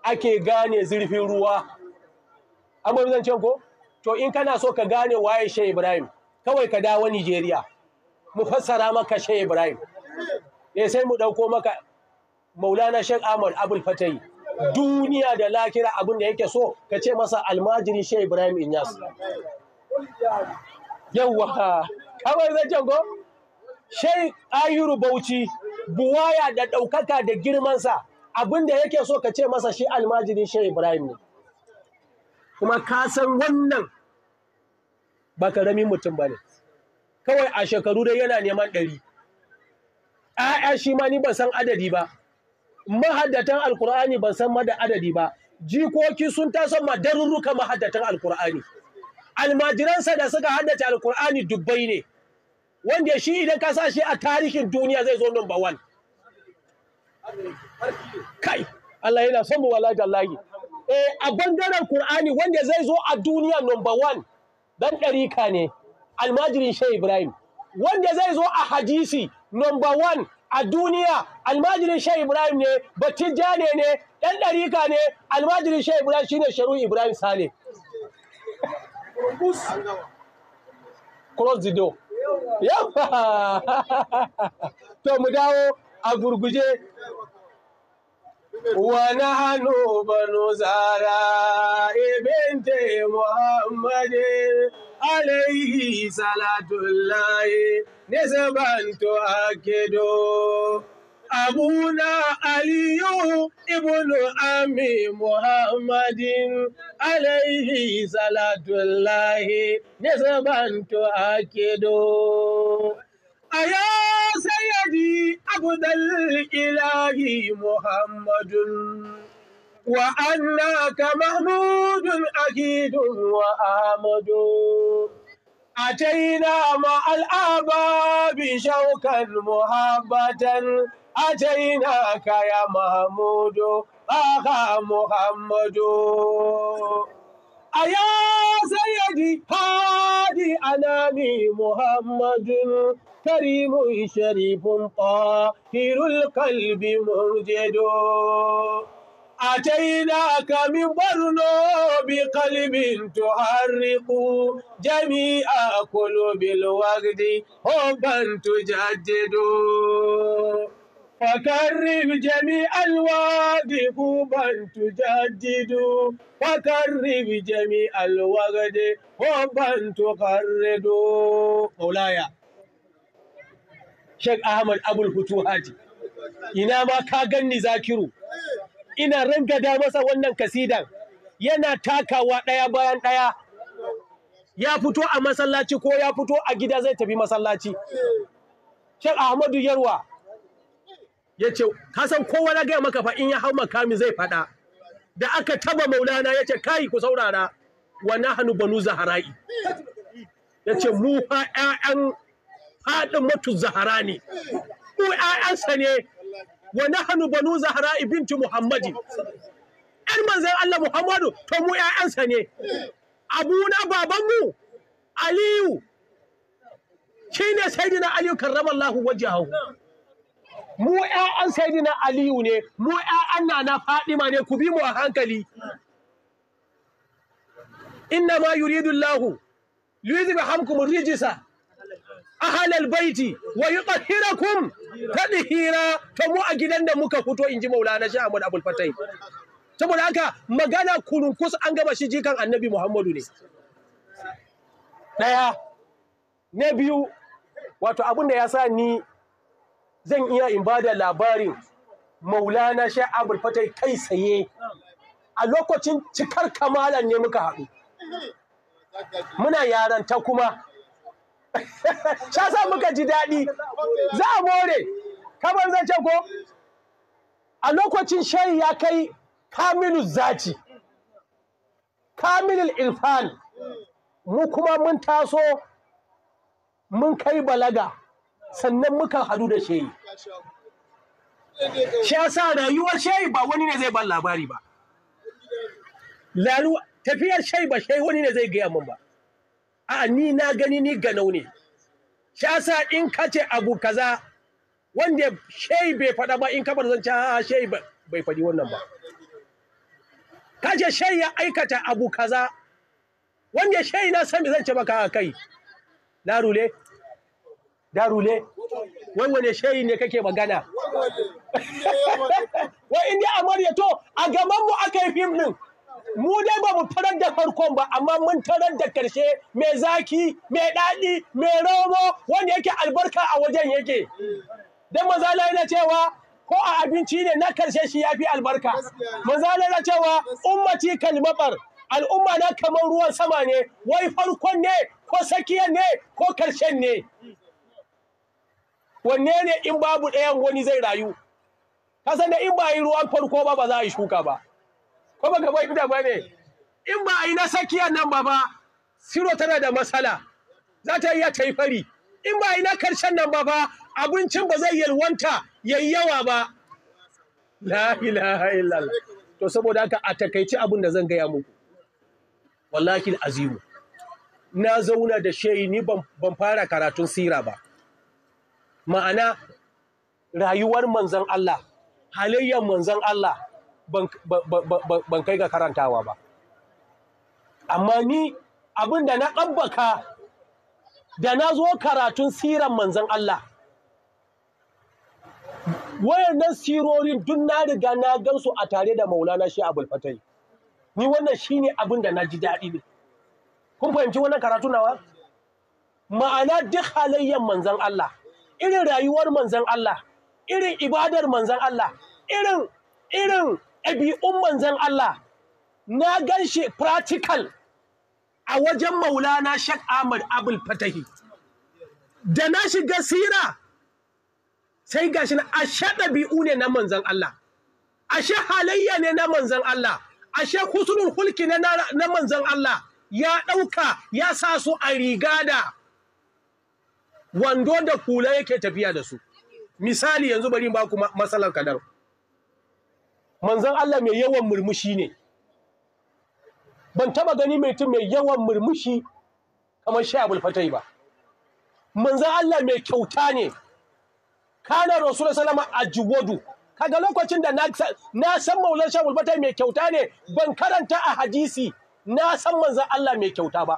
Speaker 1: ake gane zurfin ruwa an fahimci zancen ko to in kana so ka gane waye shai ibrahim kawai ka dawo nigeria mu fassara maka shai ibrahim eh, sai mu ɗauko maka maulana shek ahmad abul fatayi duniya da lakira abin da yake so ka ce masa almajiri shek ibrahim inyas yawwa kawai zai ko shek ayyuru bauchi buwaya da ɗaukaka da girmansa abin da yake so ka ce masa shi almajiri shek ibrahim ne kuma ka san wannan ba mutum ba ne kawai a shekaru dai yana neman ɗari ‘ya'ya shi ma ni ban san adadi ba mahaddatan alkur'ani ban san mada adadi ba jikoki sun taso ma darurruka mahaddatan alkur'ani almajiransa da suka haddace alkur'ani dubbai ne wanda shi idan ka sa shi a tarihin duniya zai zo number one kai Allah yana son mu wallahi dallahi eh a bangaren Qur'ani wanda zai zo a duniya number one dan ɗarika ne almajirin shay Ibrahim wanda zai zo a hadisi number one a duniya almajirin shehu ibrahim ne jane ne dan ɗarika ne almajirin shehu ibrahim shine sharu ibrahim sale cross the door yawa to mu dawo a gurguje ونحن بنو زهراء بنت محمد عليه صلاة الله نسبا تؤكد abuna Aliyu Ibnu Amin Muhammadin, Alayhi Saladullahi, ne tsohon to ake do. A ya sa yadi Abudalilahi Muhammadun. Wa'ana ka Mahmudun Akidun wa Amadu. A ta yi dama al'aba biyar shaukar muhammadan. أتيناك يا محمود آخا محمد أيا سيدي هادي أناني محمد كريم شريف طاهر القلب مهجد أتيناك من برنو بقلب تحرق جميع قلوب الوغد حبا تجدد وكرم جميع الواد حبا تجدد وكرم جميع الوغد حبا تقرد مولاي Sheikh Ahmad Abul Futuhati ina ma ka ganni zakiru ina rangada masa wannan kasidan yana takawa ɗaya bayan ɗaya ya fito a masallaci ko ya fito a gida zai tafi masallaci Sheikh Ahmadu Yarwa ya ce ka san kowa na gaya maka fa in ya hau makami zai faɗa da aka taba maulana ya ce Kayi ku saurara wa na hannu banu zahara'i ya ce mu fa faɗin mutu zahara ne mu ƴaƴansa ne wa na hannu banu zahara'i binti muhammadi ƴan manzon Allah Muhammadu to mu ƴaƴansa ne abuna babanmu aliyu Shi shine saidina aliyu karramallahu hau mu ƴaƴan saidina aliyu ne mu na na fadima ne ku bi mu a hankali inna ma yuridu allah liyuzhiba hamkum rijisa ahlal baiti wa yutahhirakum hira. ta mu a gidan da muka fito inji na shi ahmad abul fatai saboda haka magana kurunkus an gama shi jikan annabi muhammadu ne Ɗaya, na biyu wato abin da ya sa ni zan iya in bada labarin maulana sha abul fatai kai tsaye a lokacin cikar kamalan ne muka haɗu
Speaker 2: muna
Speaker 1: ta kuma sha sa muka ji daɗi za a more kamar zan ce ko a lokacin shayi ya kai kamilu zaci Kamilu Ilfan, mu kuma mun taso mun kai balaga sannan muka hadu da shehi
Speaker 2: shi sa rayuwar
Speaker 1: shehi ba wani ne zai ban labari ba Laluwa, tafiyar shehi ba shehi wani ne zai gaya min ba a ni na gani ni ganau ne shi sa in ka ce abu kaza wanda shehi bai faɗa ba in ka bar zance ha shehi bai faɗi wannan ba ka ce shehi ya aikata abu kaza wanda shehi na san me zan ce maka kai larule darule wai wane shayi ne kake magana wai indiya amarya to a gaban mu aka yi fim din mu dai ba mu tarar da farkon ba amma mun tarar da karshe mai zaki mai ɗaɗi, mai romo wanda yake albarka a wajen yake dan mazala yana cewa ko a abinci ne na karshe shi ya fi albarka mazala yana cewa ummati kalmabar al'umma na kamar ruwan sama ne wai farkon ne ko tsakiyar ne ko karshen ne wanne ne in babu ɗayan wani zai rayu kasan da in ba yi ruwan farko ba ba za a yi shuka ba ko ba gaba da ba ne in ba a yi na tsakiyar nan ba ba siro tana da matsala za ta iya ta yi fari in ba a yi na karshen nan ba ba abincin ba zai yalwanta yi yawa ba la ilaha illallah to saboda haka a takaici abin da zan gaya muku wallahi azimu na zauna da shehi ni ban fara karatun sira ba ma'ana rayuwar manzan Allah halayyar manzan Allah ban kai ga karantawa ba amma ni abin da na ƙabbaka da na zo karatun siran manzan Allah wayannan sirorin duk na riga na gansu a tare da maulana shi abul fatai ni wannan shi ne abin da na ji daɗi ne kun fahimci wannan karatu nawa ma'ana duk halayyar manzan Allah irin rayuwar manzan Allah irin ibadar manzan Allah irin irin ɗabi'un manzan Allah na gan shi practical a wajen maulana Sheikh Ahmad Abul Fatahi da na shiga sira sai ga shi na ashe ɗabi'u ne na manzan Allah ashe halayya ne na manzan Allah ashe husnul hulki ne na manzan Allah ya ɗauka ya sa su a riga da wando da hula yake tafiya da su misali yanzu bari ba ku matsalar kadar manzon Allah mai yawan murmushi ne ban taba gani mai tun mai yawan murmushi kamar sha'abul fatai ba manzon Allah mai kyauta ne kana rasulullah sallama ajwadu kaga lokacin da na san maulan sha'abul fatai mai kyauta ne ban karanta a hadisi na san manzon Allah mai kyauta ba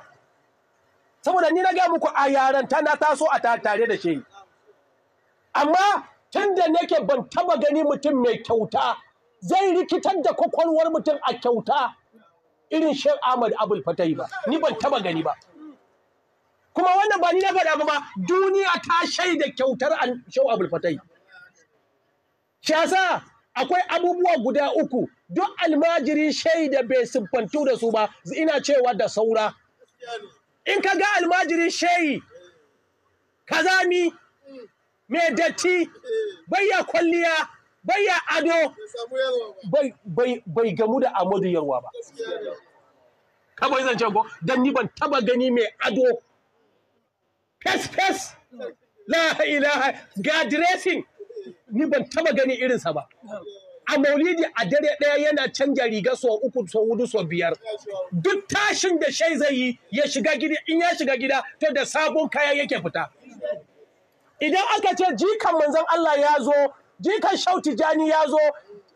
Speaker 1: saboda ni na ga muku a yaranta na taso a tare da shi amma tun da nake ban taba gani mutum mai kyauta zai rikitar da kwakwalwar mutum a kyauta irin Sheikh Ahmad Abul Fatai ba ni ban taba gani ba kuma wannan ba ni na gada ba duniya ta shaida kyautar Sheikh Abul Fatai shi akwai abubuwa guda uku duk almajiri shaida bai siffantu da su ba ina cewa da saura in ka ga almajirin ka kazami mai datti bayya kwalliya bayya ado bai gamu da amadu yarwa ba kamar zancen ko don ni ban taba gani mai ado fes-fes la ilaha ga dressing ni ban taba gani irinsa ba a maulidi a dare ɗaya yana canja riga sau uku sau hudu sau biyar duk tashin da shai zai yi ya shiga gida in ya shiga gida to da sabon kaya yake fita idan aka ce jikan manzon Allah ya zo jikan shauti jani ya zo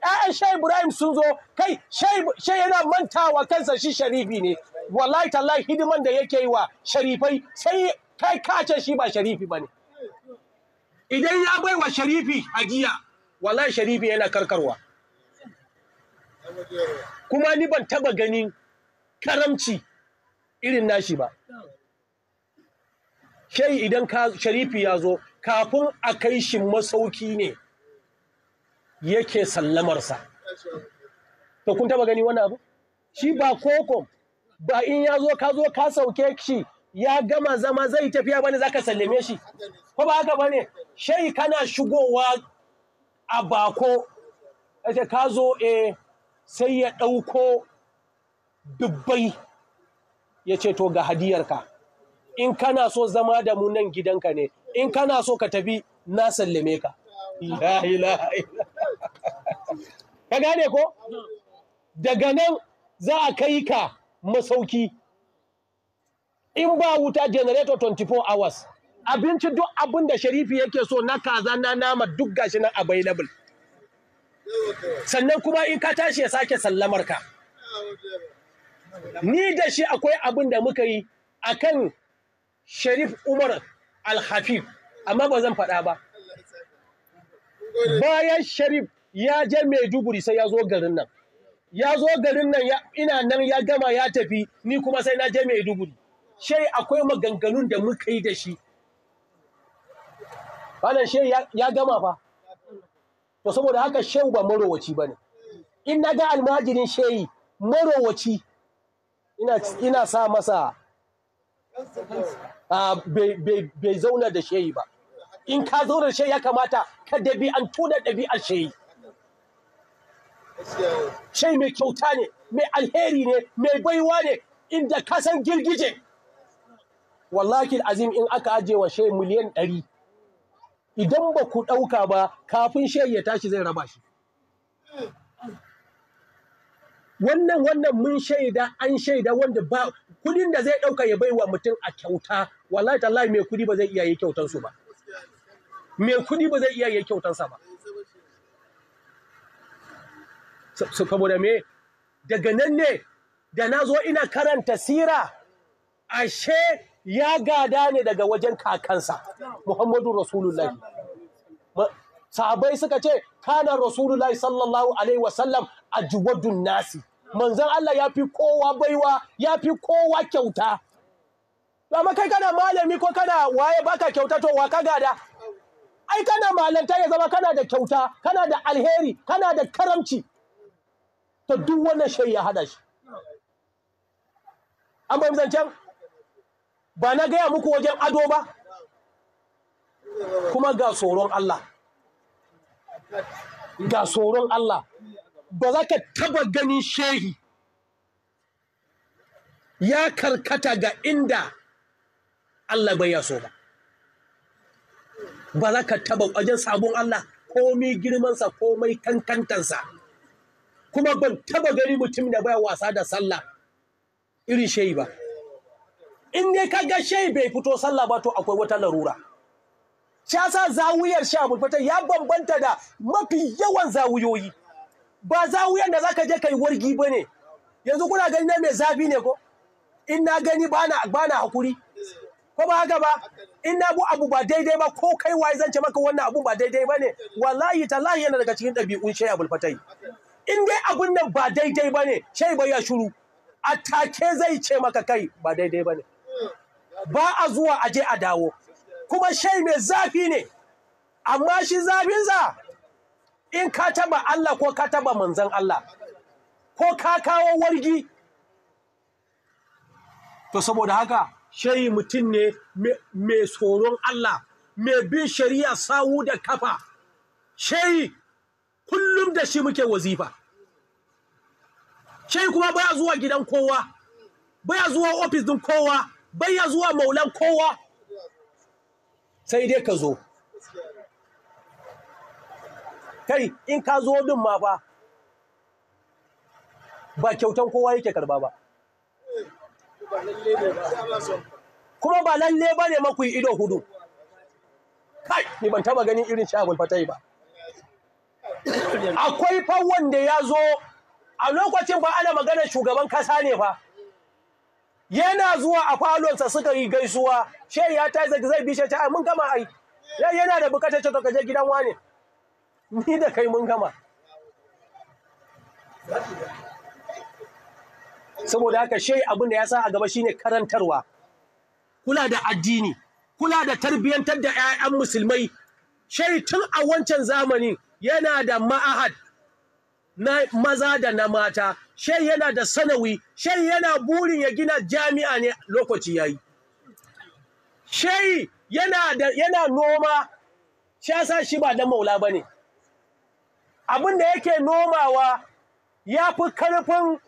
Speaker 1: ‘ya'yan shai ibrahim sun zo kai shai yana mantawa kansa shi sharifi ne wallahi tallahi hidiman da yake yi wa sharifai sai kai kace shi ba sharifi ba ne idan ya baiwa sharifi a jiya. wallahi sharifi yana karkarwa kuma ni ban taba ganin karamci irin nashi ba shai idan sharifi ya zo kafin a kai shi masauki ne yake sallamarsa to kun taba gani wani abu shi ba koko ba in ya zo ka zo ka sauke shi ya gama zama zai tafiya bane zaka sallame shi ko ba haka bane shai kana shigowa a bako yace ka zo e sai ya ɗauko dubbai ya ce to ga hadiyarka in kana so zama da mu nan gidanka ne in kana so ka tafi na sallame ka ka gane ko daga nan za a kai ka masauki in ba wuta generator 24 hours abinci duk abin da sharifi yake so na kaza na nama duk gashi nan available sannan kuma in ka tashi ya sake sallamar ka ni da shi akwai abin da muka yi a kan sharif umar alhafif amma ba zan faɗa ba bayan sharif ya je maiduguri sai ya zo garin nan ya zo garin nan ina nan ya gama ya tafi ni kuma sai na je maiduguri shai akwai maganganun da muka yi da shi Malam shehu ya gama fa. To saboda haka shehu ba marowaci ba ne. In na ga almajirin shehi marowaci ina sa masa bai zauna da shehi ba. In ka zauna da shehi ya kamata ka dabi'antu tuna ɗabi'ar shehi. Shehi mai kyauta ne, mai alheri ne, mai baiwa ne, inda kasan girgije. Wallahi azim in aka ajiye wa shehi miliyan ɗari idan ba ku ɗauka ba kafin shayi ya tashi zai raba shi wannan wannan mun shaida an shaida wanda ba kudin da zai ɗauka ya baiwa mutum a kyauta wallahi tallahi mai kudi ba zai iya yi kyautansu su ba mai kudi ba zai iya yi kyautansa sa ba saboda me daga nan ne da na zo ina karanta sira ashe ya gada ne daga wajen kakansa Muhammadu Rasulullahi sahabai suka ce kana Rasulullahi sallallahu alaihi wasallam juwadun nasi manzan Allah ya fi kowa baiwa ya fi kowa kyauta amma kai kana malami ko kana waye baka kyauta to wa ka gada ai kana malanta ya zama kana da kyauta kana da alheri kana da karamci to duk wannan shai ya hada shi an bai zancen ba na gaya muku wajen ado ba kuma ga tsoron Allah ga tsoron Allah ba za ka taba ganin shehi ya karkata ga inda Allah bai yaso ba ba za ka taba wajen sabon Allah komai girmansa komai kankantansa kuma ban taba gani mutum da bai wasa da sallah irin shehi ba in dai ka ga shai bai fito sallah ba to akwai wata larura shasa zawiyar sha bulfata ya bambanta da mafi yawan zawuyoyi ba zawiyar da zaka je kai wargi ba ne. yanzu kuna gani na mai zafi ne ko in na gani bana bana hakuri ko ba haka ba in na bu abu ba daidai ba ko kai waye zance maka wannan abu ba daidai ba ne wallahi tallahi yana daga cikin dabi'un shay abul fatai in dai abun nan ba daidai bane shai bai ya shuru take zai ce maka kai ba daidai bane ba a zuwa a je a dawo kuma shai mai zafi ne amma shi zafin zafinsa in ka taba Allah ko ka taba manzan Allah ko ka kawo wargi to saboda haka shai mutum ne mai tsoron Allah mai bin shari'a sawu da kafa shai kullum da shi muke wazifa shai kuma baya zuwa gidan kowa baya zuwa ofis din kowa baya zuwa maulan kowa sai dai ka zo kai in ka zo din ma fa ba kyautan kowa yake karba ba kuma ba lalle ba ne maku ido hudu kai ni ban taba ganin irin shagun fatai ba akwai fa wanda ya zo a lokacin ba ana maganar shugaban kasa ne fa yana zuwa a falonsa suka yi gaisuwa shehi ya ta zai bishe ta mun gama ai yana da bukatar cewa ka je gidan wane ni da kai mun gama saboda haka shehi abin da ya sa a gaba shine karantarwa kula da addini kula da tarbiyyantar da ƴaƴan musulmai shehi tun a wancan zamani yana da ma'ahad na maza da na mata shai yana da sanawi shai yana burin ya gina jami'a ne lokaci yayi shai yana da yana noma shasa shi ba da maula ba ne. abin da yake nomawa ya fi karfin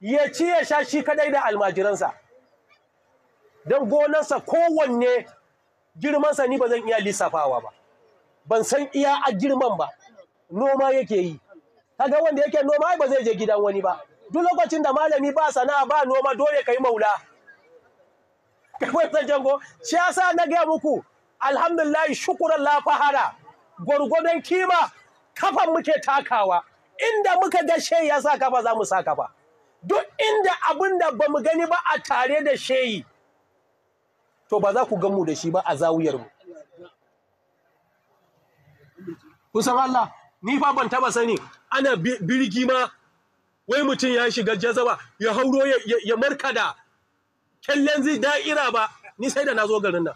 Speaker 1: ya ci ya sha shi kadai da almajiransa don gonarsa kowanne girmansa ni ba zan iya lissafawa ba ban san iya a girman ba noma yake yi kaga wanda yake noma ba zai je gidan wani ba duk lokacin da malami ba sana'a ba noma dole kai maula kawai zan jango shi yasa na gaya muku alhamdulillah shukuran la fahara gwargwadon kima kafan muke takawa inda muka ga shehi ya sa kafa za mu sa kafa duk inda abinda da ba mu gani ba a tare da shehi to ba za ku gan mu da shi ba a zawiyar mu kusa Allah ni fa ban taba sani ana birgi ma wai mutum ya shiga jazawa ya hauro ya markada kyallen zai da'ira ba ni sai da na zo garin nan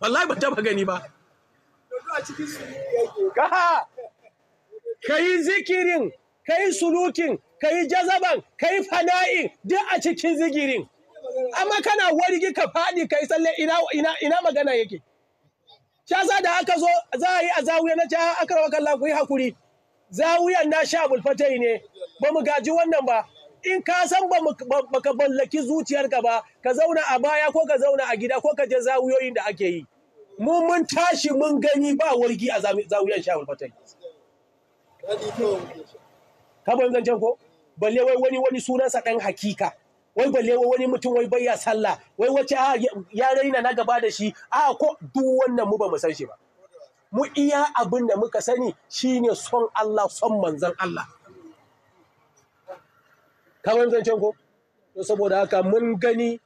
Speaker 1: wallahi ba taba gani ba ka yi zikirin ka yi sulukin ka yi jazaban ka yi fana'in duk a cikin zikirin amma kana wargi ka faɗi ka yi tsalle ina magana yake shasa da aka zo za a yi a zawiya na ci ah, aka rawa kallon ku yi hakuri wuyan na sha abulfatai ne ba mu gaji wannan ba in ka san ba ka mallaki zuciyarka ba ka zauna a baya ko ka zauna a gida ko ka je zawuyoyin da ake yi mu mun tashi mun gani ba wargi a zawuyan sha abulfatai ka bayan zancen ko balle wai wani wani sunansa ɗan hakika wai balle wani mutum wai bayya sallah wai wacce ah, ya raina na gaba da shi a ah, ko duk wannan mu ba mu san shi ba mu iya abin da muka sani shine son Allah son manzan Allah kamar zancen ko to saboda haka mun gani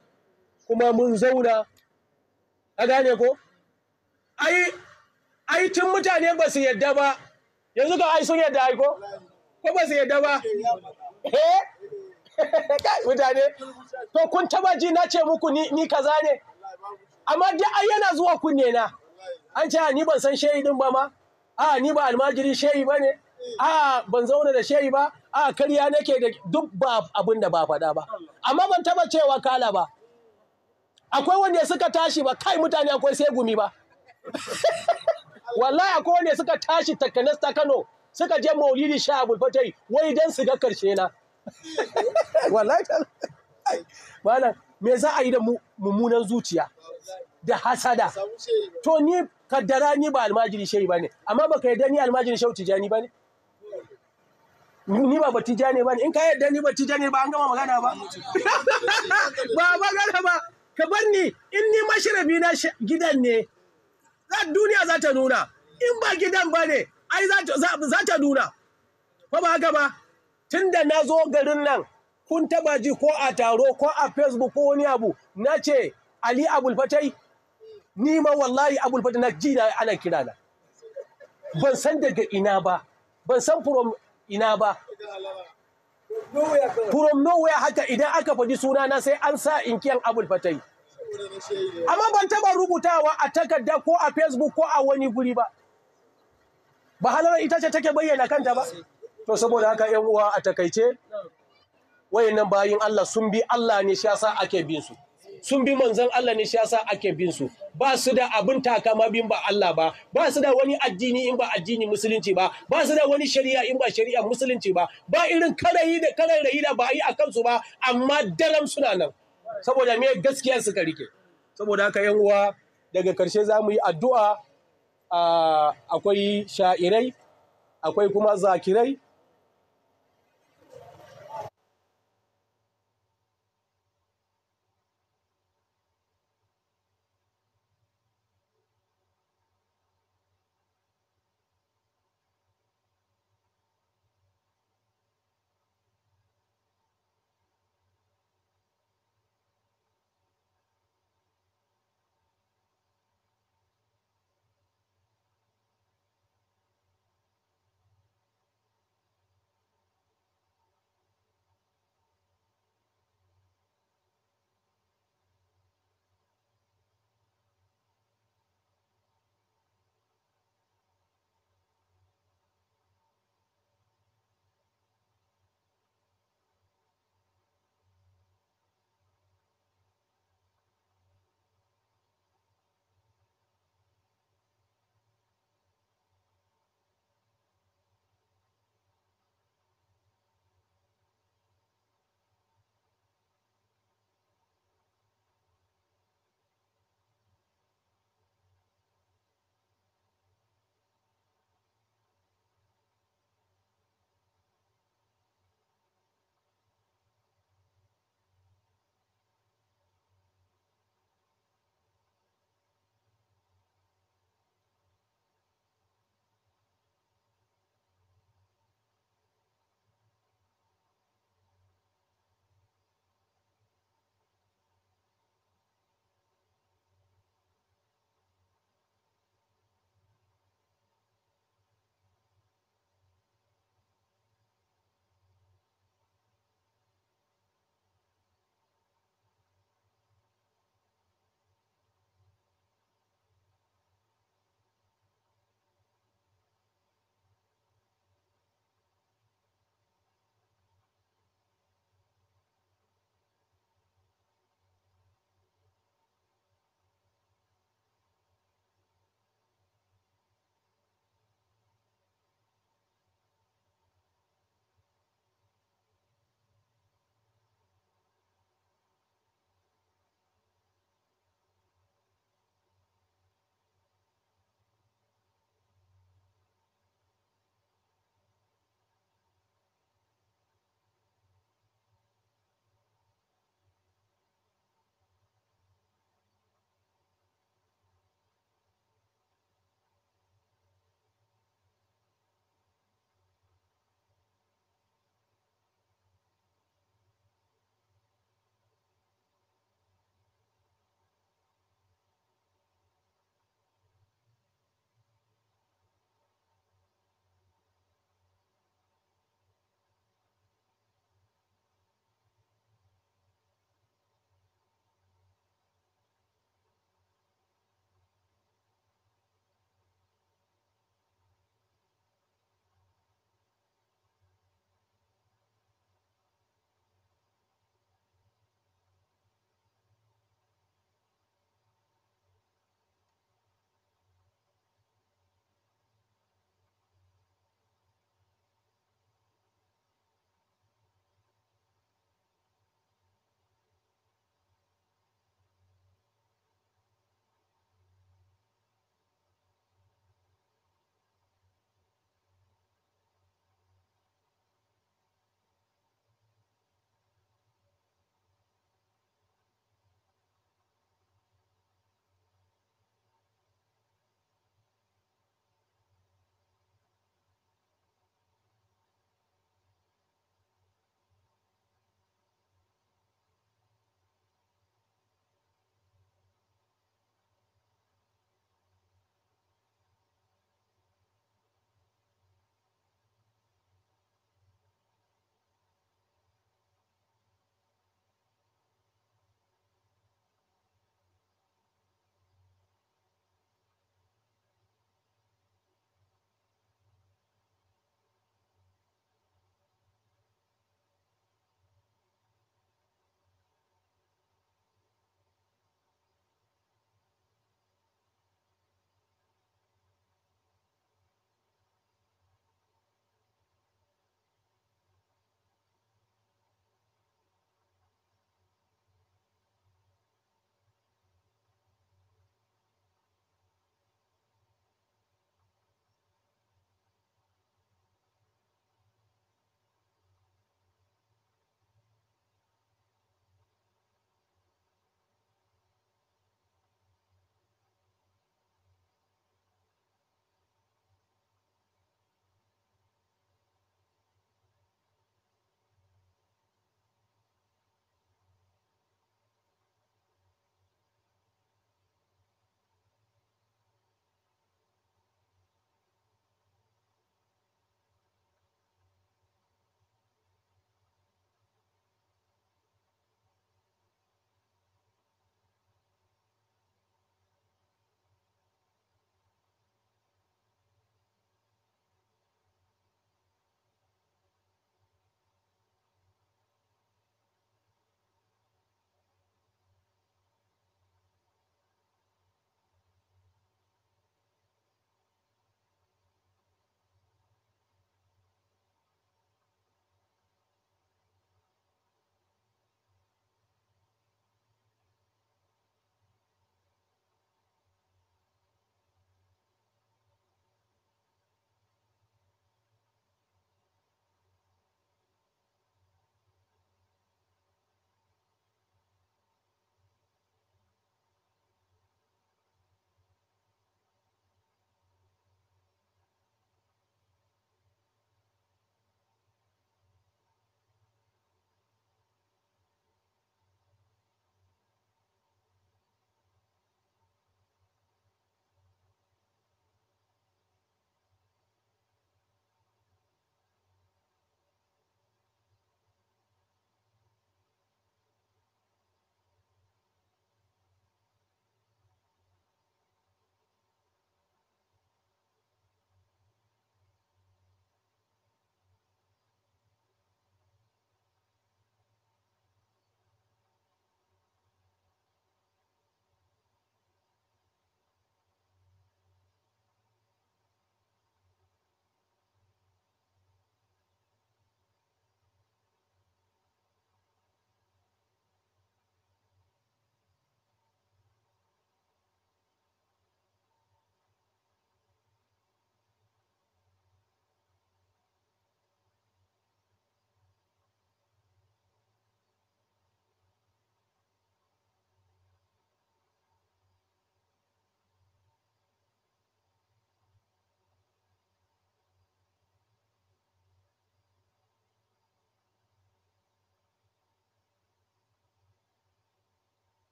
Speaker 1: kuma mun zauna a gane ko ai tun mutane ba su yadda ba yanzu ga ai sun yadda ai ko ko ba su yadda ba eh mutane to kun taba ji na ce muku ni kaza ne amma dai ai yana zuwa kunne na an ce ni ban san shehi din ba ma a ni ba almajiri shehi ba ne a ban zauna da shehi ba a karya nake da duk ba abin da ba faɗa ba amma ban taba cewa kala ba akwai wanda suka tashi ba kai mutane akwai sai gumi ba wallahi akwai wanda suka tashi takanas ta Kano suka je maulidi sha abul fatai wai dan su ga karshe na wallahi malam me za a yi da mummunan zuciya da hasada to ni kaddara ni ba almajiri shehi ne, amma baka yadda ni almajiri shehu tijani ba ne. ni ba batijani ne, in ka yadda ni tijani ba an gama magana ba ba magana ba ka bar ni in ni mashirabi na gidan ne duniya za ta nuna in ba gidan ba ne ai za ta nuna ba ba haka ba tun da na zo garin nan kun taba ji ko a taro ko a facebook ko wani abu na ce ali abulfatai ni ma wallahi abul na ji da ana kira na ban san daga ina ba ban san from ina ba from nowhere haka idan aka faɗi sunana sai an sa inkiyan abul fatai amma ban taba rubutawa a takarda ko a facebook ko a wani guri ba ba halarar ita ce take bayyana kanta ba to saboda haka yan uwa a takaice wayannan bayin Allah sun bi Allah ne shi yasa ake bin su sun bi manzon Allah ne shi yasa ake bin su ba su da abin takama bin ba Allah ba ba su da wani addini in ba addini musulunci ba ba su da wani shari'a in ba shari'a musulunci ba ba irin karayi da karayi da ba yi a kansu ba amma daram suna nan saboda me gaskiyar ka rike saboda haka yan uwa daga karshe za mu yi addu'a ah, akwai sha'irai akwai kuma zakirai